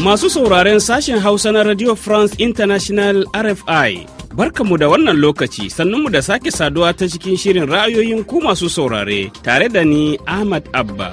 Masu sauraren sashen Hausa na Radio France International RFI, mu da wannan lokaci sannunmu da sake saduwa ta cikin shirin ra'ayoyin ku masu saurare tare da ni Ahmad Abba.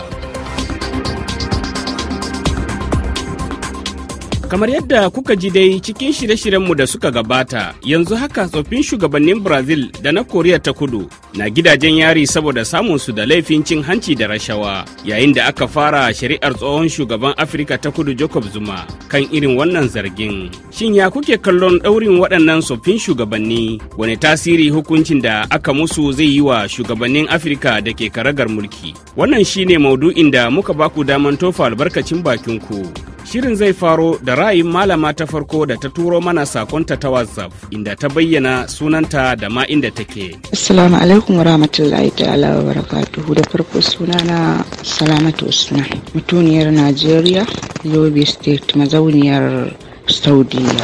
Kamar yadda kuka ji dai cikin shirye-shiryenmu da suka gabata, yanzu haka tsoffin shugabannin Brazil da na Koriya ta kudu na gidajen yari saboda samun su da laifin cin hanci da rashawa, yayin da aka fara shari'ar tsohon shugaban Afirka ta kudu Jacob Zuma kan irin wannan zargin. Shin ya kuke kallon ɗaurin waɗannan tsoffin shugabanni? Wani tasiri hukuncin da aka musu zai yi wa shugabannin Afirka da ke karagar mulki? Wannan shine maudu'in da muka baku daman tofa albarkacin bakin ku. Shirin zai faro da ra'ayin malama ta farko da ta turo mana sakonta ta WhatsApp inda ta bayyana sunanta da ma inda take. Assalamu alaikum wa rahmatullahi ta'ala wa barakatuhu da farko suna na Salamatu Usman mutuniyar Najeriya Yobe State mazauniyar Saudiya.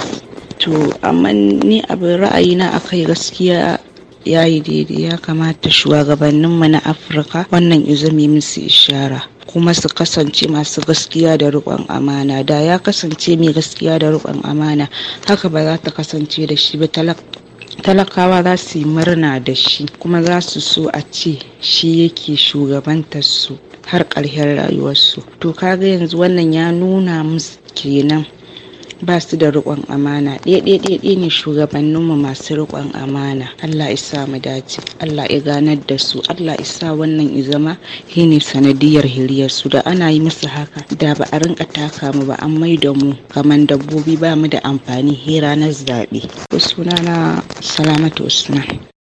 To amma ni abin ra'ayina a kai gaskiya ya yi daidai ya kamata shugabanninmu na afirka wannan izumi musu ishara kuma su kasance masu gaskiya da riƙon amana da ya kasance mai gaskiya da riƙon amana haka ba za ta kasance da shi ba talakawa za su yi murna da shi kuma za su so a ce shi yake shugabantar su har ƙarshen rayuwarsu to kaga yanzu wannan ya nuna musu kenan ba su da rikon amana ɗaya ne shugabanninmu masu rikon amana allah isa mu dace allah ya ganar da su allah isa wannan izama ne sanadiyar su. da ana yi musu haka da ba a rinka taka mu ba an mai da mu kamar dabbobi ba mu da amfani hira na zaɓe sunana salamatu usman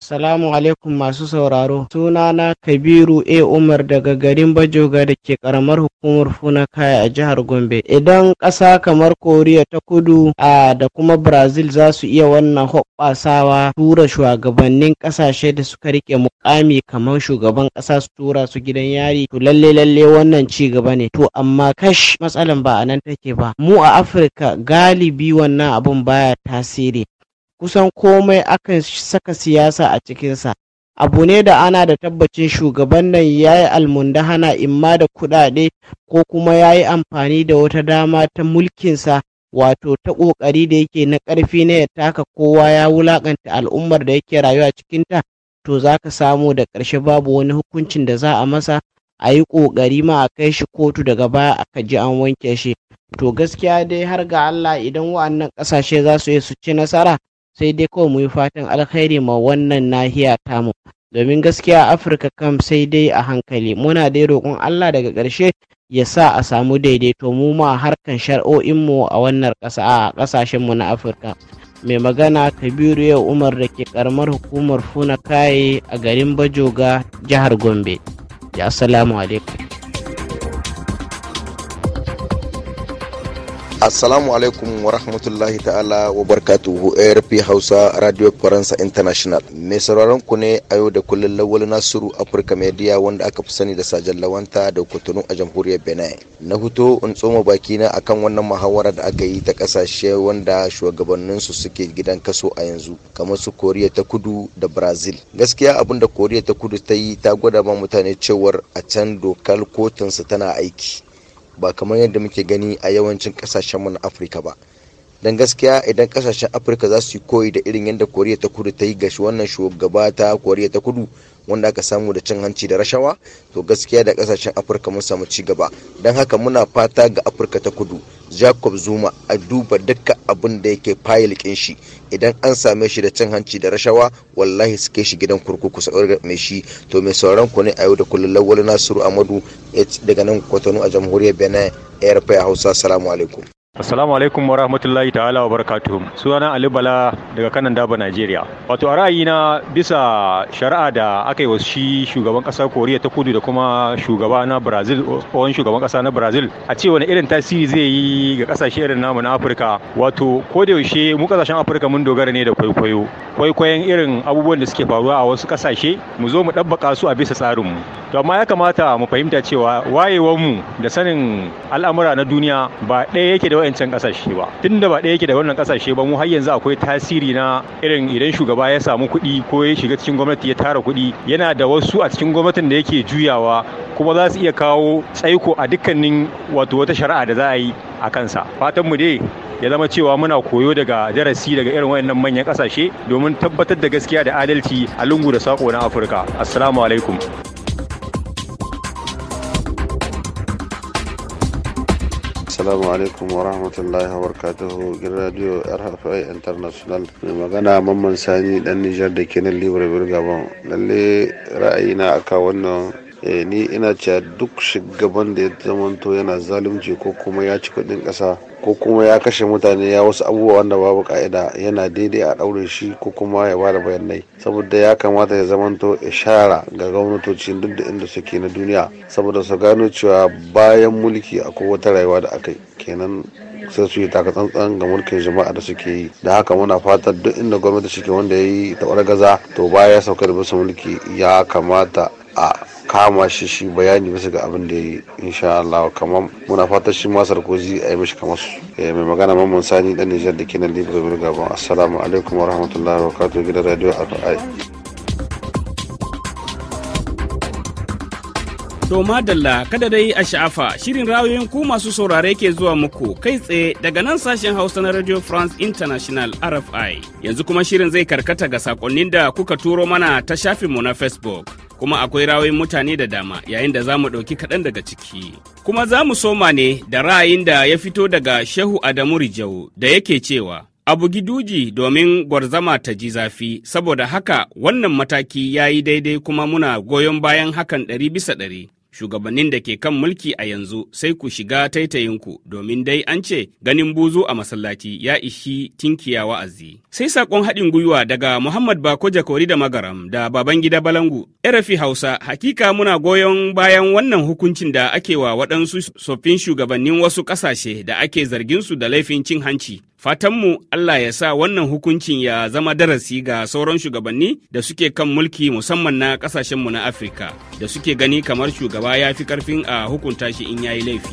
Assalamu alaikum masu sauraro. Sunana Kabiru A. Umar daga garin Bajoga da ke karamar hukumar funa kaya a jihar Gombe. Idan ƙasa kamar Koriya ta kudu a da kuma Brazil za su iya wannan hoɓɓasawa tura shugabannin ƙasashe da suka rike mukami kamar shugaban ƙasa su tura su gidan yari to lalle lalle wannan ci gaba ne. To amma kash matsalan ba a nan take ba. Mu a Afirka galibi wannan abun baya tasiri. kusan komai akan saka siyasa a cikinsa abu ne da ana da tabbacin shugaban nan ya yi almundahana imma da kuɗaɗe ko kuma ya yi amfani da wata dama ta mulkinsa wato ta ƙoƙari da yake na ƙarfi na ya taka kowa ya wulaƙanta al'ummar da yake rayuwa cikinta to za ka samu da ƙarshe babu wani hukuncin da za a masa a yi ƙoƙari ma a kai shi kotu daga baya aka ji an wanke shi to gaskiya dai har ga Allah idan wa'annan ƙasashe za su yi su ci nasara sai dai kawai muyi fatan alkhairi ma wannan nahiya tamu domin gaskiya afirka kam sai dai a hankali muna dai roƙon allah daga ƙarshe ya sa a samu daidaito mu ma harkan shar'o'inmu a wannan ƙasa a ƙasashenmu na afirka mai magana kabiru yau umar da ke karamar hukumar funa kaye a garin bajoga jihar gombe ya assalamu alaikum Assalamu alaikum wa rahmatullahi ta'ala wa barkatuhu ARP Hausa Radio Faransa International. Mai sauraron ku ne a yau da kullun Lawal Nasiru Africa Media wanda aka fi sani da Sajan Lawanta da Kotunu a Jamhuriyar Benin. Na huto in tsoma baki na akan wannan muhawara da aka yi ta kasashe wanda shugabannin su suke gidan kaso a yanzu kamar su Koriya ta Kudu da Brazil. Gaskiya abin da Koriya ta Kudu ta yi ta gwada ma mutane cewar a can dokar su tana aiki. ba kamar yadda muke gani a yawancin kasashen mu na afirka ba don gaskiya idan kasashen afirka za su yi koyi da irin yadda koriya ta kudu ta yi gashi wannan shugaba ta koriya ta kudu wanda aka samu da cin hanci da rashawa to gaskiya da kasashen afirka mun samu ci gaba don haka muna fata ga afirka ta kudu jacob zuma a duba dukkan abin da yake fayil kin shi idan an same shi da cin hanci da rashawa wallahi su kai shi gidan kurkuku sa mai shi to mai sauran ku ne a yau da kullum lawal nasiru amadu daga nan kwatano a jamhuriyar benin airfare hausa salamu alaikum Assalamu alaikum wa rahmatullahi ta'ala wa barakatuhu. Sunana Ali Bala daga kanan daba Najeriya. Wato a ra'ayina bisa shari'a da aka yi wa shi shugaban kasar Koriya ta Kudu da kuma shugaba na Brazil, tsohon shugaban kasa na Brazil, a ce wani irin tasiri zai yi ga kasashe irin namu na Afirka. Wato ko da yaushe mu kasashen Afirka mun dogara ne da kwaikwayo. Kwaikwayon irin abubuwan da suke faruwa a wasu kasashe, mu zo mu dabbaka su a bisa tsarinmu. To amma ya kamata mu fahimta cewa wayewar mu da sanin al'amura na duniya ba ɗaya yake da da wayancan kasashe ba tunda ba ɗaya yake da wannan kasashe ba mu har yanzu akwai tasiri na irin idan shugaba ya samu kuɗi ko ya shiga cikin gwamnati ya tara kuɗi yana da wasu a cikin gwamnatin da yake juyawa kuma za su iya kawo tsaiko a dukkanin wato wata shari'a da za a yi a kansa fatan mu dai ya zama cewa muna koyo daga darasi daga irin wayannan manyan kasashe domin tabbatar da gaskiya da adalci a lungu da sako na afirka assalamu alaikum assalamu alaikum wa rahmatullahi wa barakatuhu gin radio rfi international mai magana mamman sani dan nijar da ke nan libre birgabon lalle ra'ayina aka wannan Eh, ni ina cewa duk shugaban da ya zamanto yana zalunci ko kuma ya ci kudin kasa ko kuma ya kashe mutane ya wasu abubuwa wanda babu ka'ida yana daidai a daure shi ko kuma ya bada bayanai saboda ya kamata ya zamanto ishara ga gwamnatoci duk da inda suke na duniya saboda su gano cewa bayan mulki akwai wata rayuwa da aka kenan sai su yi takatsantsan ga mulkin jama'a da suke yi da haka muna fatan duk inda gwamnati suke wanda ya yi taɓar gaza to baya ya sauka da bisa mulki ya kamata a kama shi shi bayani bisa ga abin da ya yi insha Allah kamar muna fatan shi ma a yi mishi kamar su eh, mai magana mamman sani dan Nijar da kenan kinan Libreville gaban assalamu alaikum wa rahmatullahi wa barakatuh gidan radio RFI To madalla kada dai a sha'afa shirin rayoyin ku masu saurare ke zuwa muku kai tsaye daga nan sashen Hausa na Radio France International RFI. Yanzu kuma shirin zai karkata ga sakonnin da kuka turo mana ta shafinmu na Facebook. kuma akwai rawayin mutane da dama yayin da za mu ɗauki kaɗan daga ciki. Kuma za mu soma ne da ra'ayin da ya fito daga Shehu Adamu Rijau da yake cewa a bugi duji domin gwarzama ta ji zafi saboda haka wannan mataki ya yi daidai kuma muna goyon bayan hakan ɗari bisa ɗari shugabannin da ke kan mulki a yanzu sai ku shiga taitayinku domin dai an ce ganin buzu a masallaci ya ishi tinkiya wa'azi. Sai saƙon haɗin gwiwa daga Muhammad Bako Jakori da Magaram da Babangida Balangu. Erafi Hausa hakika muna goyon bayan wannan hukuncin da ake wa waɗansu tsoffin shugabannin wasu ƙasashe da ake zargin su da laifin cin hanci Fatanmu Allah ya sa wannan hukuncin ya zama darasi ga sauran shugabanni da suke kan mulki musamman na kasashenmu na Afirka da suke gani kamar shugaba ya fi karfin a hukunta shi in yayi laifi.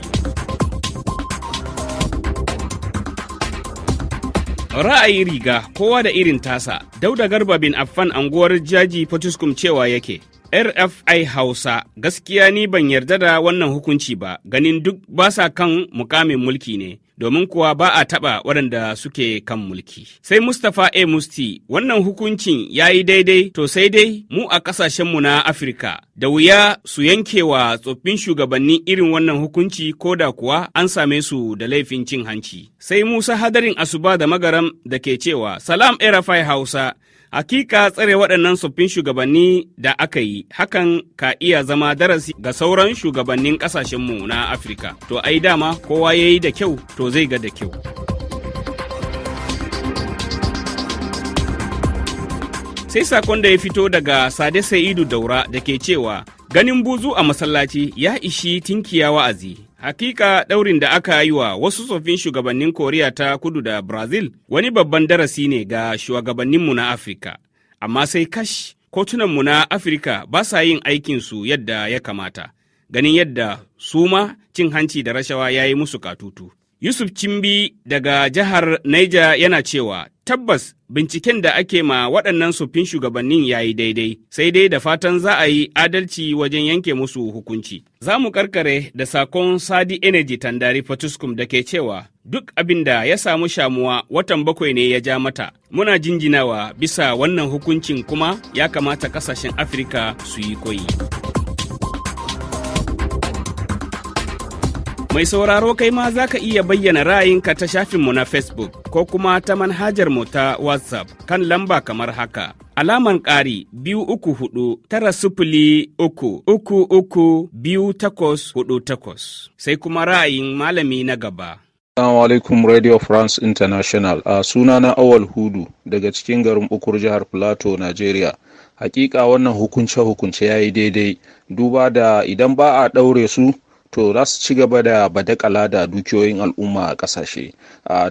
Ra'ayi riga kowa da irin tasa, Dauda Garba bin Affan anguwar jaji Potiskum cewa yake, RFI Hausa gaskiya ni ban yarda da wannan hukunci ba ganin duk ba sa kan mukamin mulki ne domin kuwa ba a taɓa waɗanda suke kan mulki. Sai Mustapha A. Musti, wannan hukuncin ya yi daidai to sai dai mu a ƙasashenmu na Afirka da wuya su yankewa tsoffin shugabanni irin wannan hukunci ko da kuwa an same su da laifin cin hanci. Sai Musa Hadarin Asuba da Magaram da ke cewa Salam Erafai Hausa Hakika tsare waɗannan tsoffin shugabanni da aka yi hakan ka iya zama darasi ga sauran shugabannin ƙasashenmu na Afirka. To ai dama kowa ya yi da kyau to zai ga da kyau. Sai sakon da ya fito daga Sade Sa'idu Daura da ke cewa ganin buzu a masallaci ya ishi tinkiya wa'azi. Hakika ɗaurin da aka yi wa wasu tsoffin shugabannin Koriya ta kudu da Brazil wani babban darasi ne ga shugabanninmu na Afirka, amma sai kash kotunanmu na Afirka ba sa yin aikinsu yadda ya kamata, ganin yadda su ma cin hanci da rashawa ya yi musu katutu. Yusuf Cimbi daga jihar Niger yana cewa tabbas binciken da ake ma waɗannan sufin shugabannin ya yi daidai sai dai da fatan za a yi adalci wajen yanke musu hukunci za mu karkare da sakon sadi energy tandari fatuskum da ke cewa duk abin da ya samu shamuwa watan bakwai ne ya ja mata muna jinjinawa bisa wannan hukuncin kuma ya kamata kasashen afirka su yi koyi. Mai sauraro kai ma za ka iya bayyana ra'ayinka ta shafinmu na Facebook ko kuma ta manhajar mu ta WhatsApp kan lamba kamar haka. Alaman ƙari biyu uku hudu tara sufuli uku uku uku biyu takwas hudu takwas. Sai kuma ra'ayin malami na gaba. Assalamu alaikum Radio France International a suna na Awal Hudu daga cikin garin Ukur jihar Plateau, Nigeria. Hakika wannan hukunce-hukunce ya yi daidai duba da idan ba a ɗaure su to za su ci gaba da badakala da dukiyoyin al'umma a ƙasashe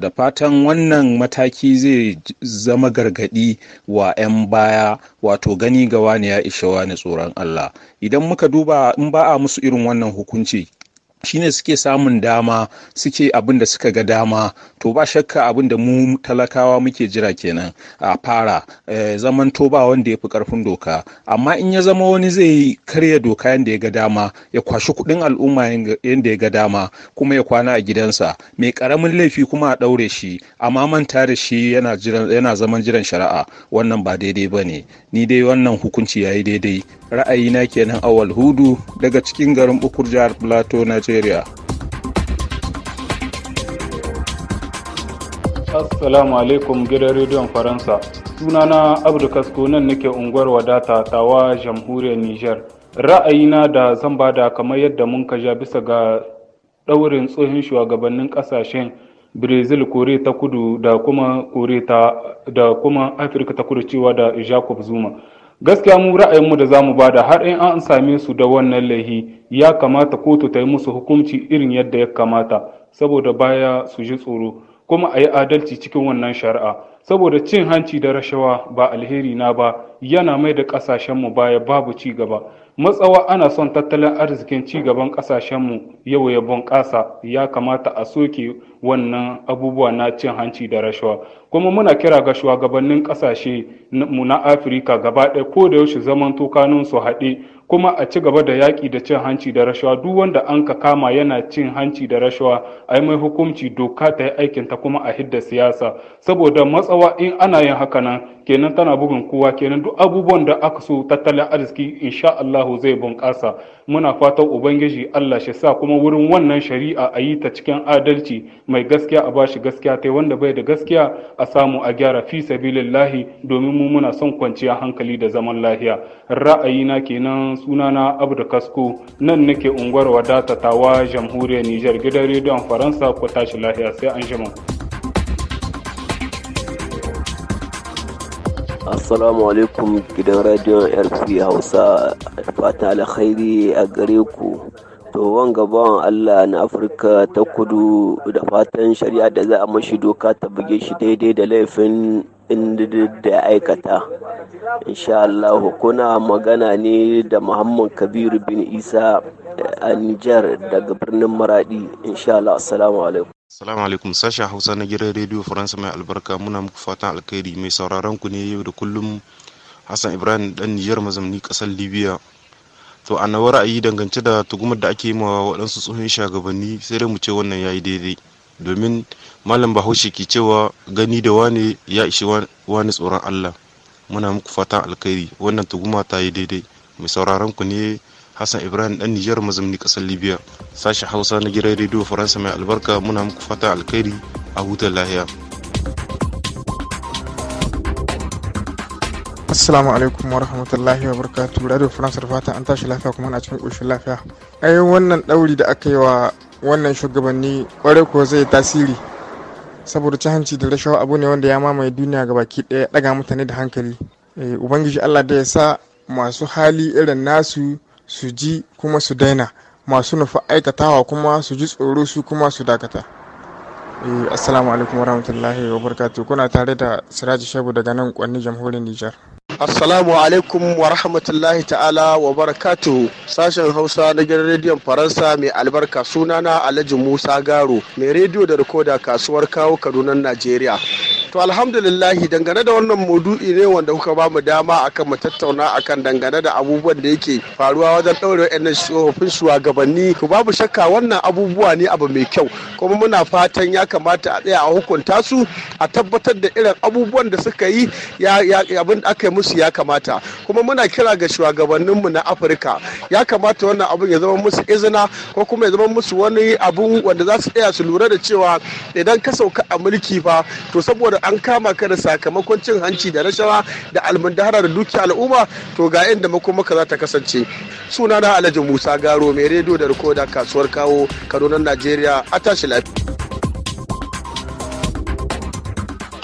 da fatan wannan mataki zai zama gargadi wa 'yan baya wato gani ga wani ya ishe wani tsoron allah idan muka duba in ba a musu irin wannan hukunci shine suke samun dama suke abin da suka ga dama to ba shakka abin da mu talakawa muke jira kenan a fara eh, zaman to ba wanda ya fi karfin doka amma in ya zama wani zai karya doka yadda ya ga dama ya kwashi kuɗin al'umma yadda ya ga dama kuma ya kwana a gidansa mai karamin laifi kuma a ɗaure shi amma manta da shi yana zaman jiran shari'a wannan ba daidai ba ne ni dai wannan hukunci ya yi daidai ra'ayina kenan awal hudu daga cikin garin bukur jihar plateau nigeria Assalamu alaikum gidan rediyon Faransa. Sunana Abdu Kasko nan nake unguwar wadata tawa jamhuriyar Nijar. Ra'ayina da zan bada kamar yadda mun ja bisa ga ɗaurin tsohon shugabannin ƙasashen Brazil, Kore ta kudu da kuma Kore da kuma Afirka ta kudu cewa da Jacob Zuma. Gaskiya mu ra'ayin mu da zamu bada har in an same su da wannan laihi ya kamata kotu ta yi musu hukunci irin yadda ya kamata saboda baya su ji tsoro. kuma a yi adalci cikin wannan shari'a saboda cin hanci da rashawa ba alheri na ba yana mai da ƙasashenmu baya babu ci gaba matsawa ana son tattalin arzikin ci gaban ƙasashenmu yau ya bunƙasa ya kamata a soke wannan abubuwa na cin hanci da rashawa kuma muna kira ga shugabannin ƙasashe mu na afirka gaba ɗaya ko da yaushe zaman tokanin su haɗe kuma a ci gaba da yaƙi da cin hanci da rashawa duk wanda an ka kama yana cin hanci da rashawa a yi mai hukunci doka ta yi ta kuma a hidda siyasa saboda matsawa in ana yin haka nan kenan tana bugun kowa kenan duk abubuwan da aka so tattalin arziki insha Allahu zai bunƙasa muna fatan ubangiji Allah shi sa kuma wurin wannan shari'a a yi ta cikin adalci mai gaskiya a bashi gaskiya ta wanda bai da gaskiya a samu a gyara fi sabilillahi domin mu muna son kwanciya hankali da zaman lahiya ra'ayina kenan sunana abdu kasko nan nake unguwar wadata tawa jamhuriyar nijar gidan rediyon faransa ko tashi lahiya sai an jima assalamu alaikum gidan rediyon rp hausa fata alkhairi a gare ku to wanga bawan allah na afirka ta kudu da fatan shari'a da za a mashi doka ta buge shi daidai da laifin da aikata insha Allah kuna magana ne da Muhammad Kabiru bin Isa a Nijar daga birnin Maradi insha Allah assalamu alaikum Assalamu alaikum sashen Hausa na gidan Radio Faransa mai albarka muna muku fatan alkhairi mai sauraron ku ne yau da kullum Hassan Ibrahim dan Nijar mazamni kasar Libya to a nawa ra'ayi dangance da tugumar da ake yi ma waɗansu tsohon shugabanni sai dai mu ce wannan ya yi daidai domin malam bahaushe ke cewa gani da wane ya ishi wani tsoron allah muna muku fatan alkhairi wannan tuguma ta yi daidai mai sauraron ku ne hassan ibrahim dan nijar mazumni kasar libya sashi hausa na gidan rediyo faransa mai albarka muna muku fatan alkhairi a hutun lahiya assalamu alaikum wa rahmatullahi wa barkatu radio france da fatan an tashi lafiya kuma na cikin ƙoshin lafiya ayin wannan dauri da aka yi wa wannan shugabanni kwarai ko zai tasiri saboda ci hanci da rashawa abu ne wanda ya mamaye duniya ga baki ɗaya daga mutane da hankali eh, ubangiji allah da ya sa masu hali irin nasu su ji kuma su daina masu nufa aikatawa kuma su ji tsoro su kuma su dakata eh, assalamu alaikum warahmatullahi wabarakatuh kuna tare da siraji shabu daga nan kwanni jamhuriyar nijar Assalamu alaikum wa rahmatullahi ta'ala wa barakatuhu sashen Hausa na gidan rediyon Faransa mai albarka sunana Alhaji Musa Garo mai rediyo da rikoda kasuwar kawo Kaduna Najeriya. To alhamdulillahi dangane da wannan maudu'i ne wanda kuka ba mu dama akan mu tattauna akan dangane da abubuwan da yake faruwa wajen ɗaure yan tsofaffin shugabanni ku babu shakka wannan abubuwa ne abu mai kyau kuma muna fatan ya kamata a tsaya a hukunta su a tabbatar da irin abubuwan da suka yi abin da aka yi musu ya kamata kuma muna kira ga mu na afirka ya kamata wannan abun ya zama musu izina ko kuma ya zama musu wani abu wanda za su tsaya su lura da cewa idan ka sauka a mulki fa to saboda an kama ka da sakamakon cin hanci da rashawa da almundahara da dukiya al'umma to ga inda makomaka za ta kasance suna na alhaji musa garo mai rediyo da rikoda kasuwar kawo kaduna najeriya a tashi lafiya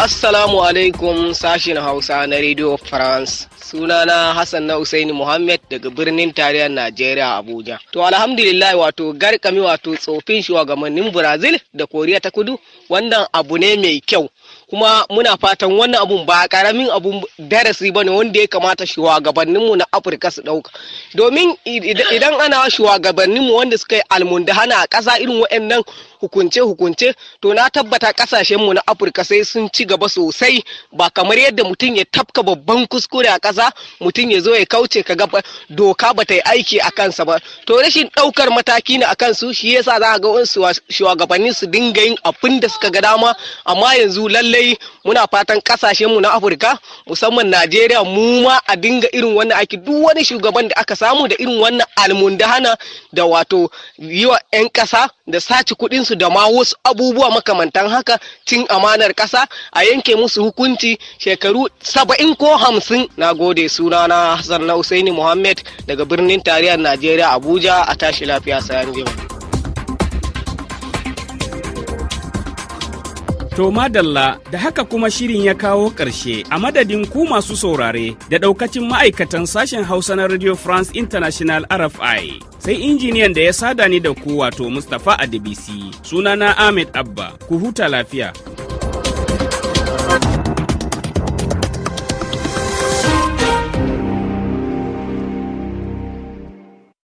Assalamu alaikum sashen Hausa na Radio France. Sunana Hassan na Usaini Muhammad daga birnin tarihin Najeriya Abuja. To alhamdulillah wato garkami wato tsofin shugabannin Brazil da Koriya ta Kudu wannan abu ne mai kyau kuma muna fatan wannan abun ba karamin abun darasi ba ne wanda ya kamata shugabanninmu na afirka su ɗauka domin idan ana shugabanninmu wanda suka yi almundahana a ƙasa irin waɗannan hukunce-hukunce to na tabbata mu na afirka sai sun ci gaba sosai ba kamar yadda mutum ya tafka babban kuskure a ƙasa mutum ya zo ya kauce ka gaba doka ba ta yi aiki a kansa ba to rashin ɗaukar mataki ne a kansu shi yasa za a ga shugabanni su dinga yin abin da suka ga dama amma yanzu lallai muna fatan mu na afirka musamman najeriya mu ma a dinga irin wannan aiki duk wani shugaban da aka samu da irin wannan almundahana da wato yi wa 'yan ƙasa da sace kuɗinsu musu da ma wasu abubuwa makamantan haka cin amanar ƙasa a yanke musu hukunci shekaru saba'in ko hamsin na gode sunana hassan na usaini muhammad daga birnin tarayyar najeriya abuja a tashi lafiya sayan jima. To madalla da haka kuma shirin ya kawo ƙarshe a madadin ku masu saurare da ɗaukacin ma'aikatan sashen Hausa na Radio France International RFI. Sai injiniyan da ya sada ni da ku wato Mustapha Adebisi. Sunana Ahmed Abba, ku huta lafiya.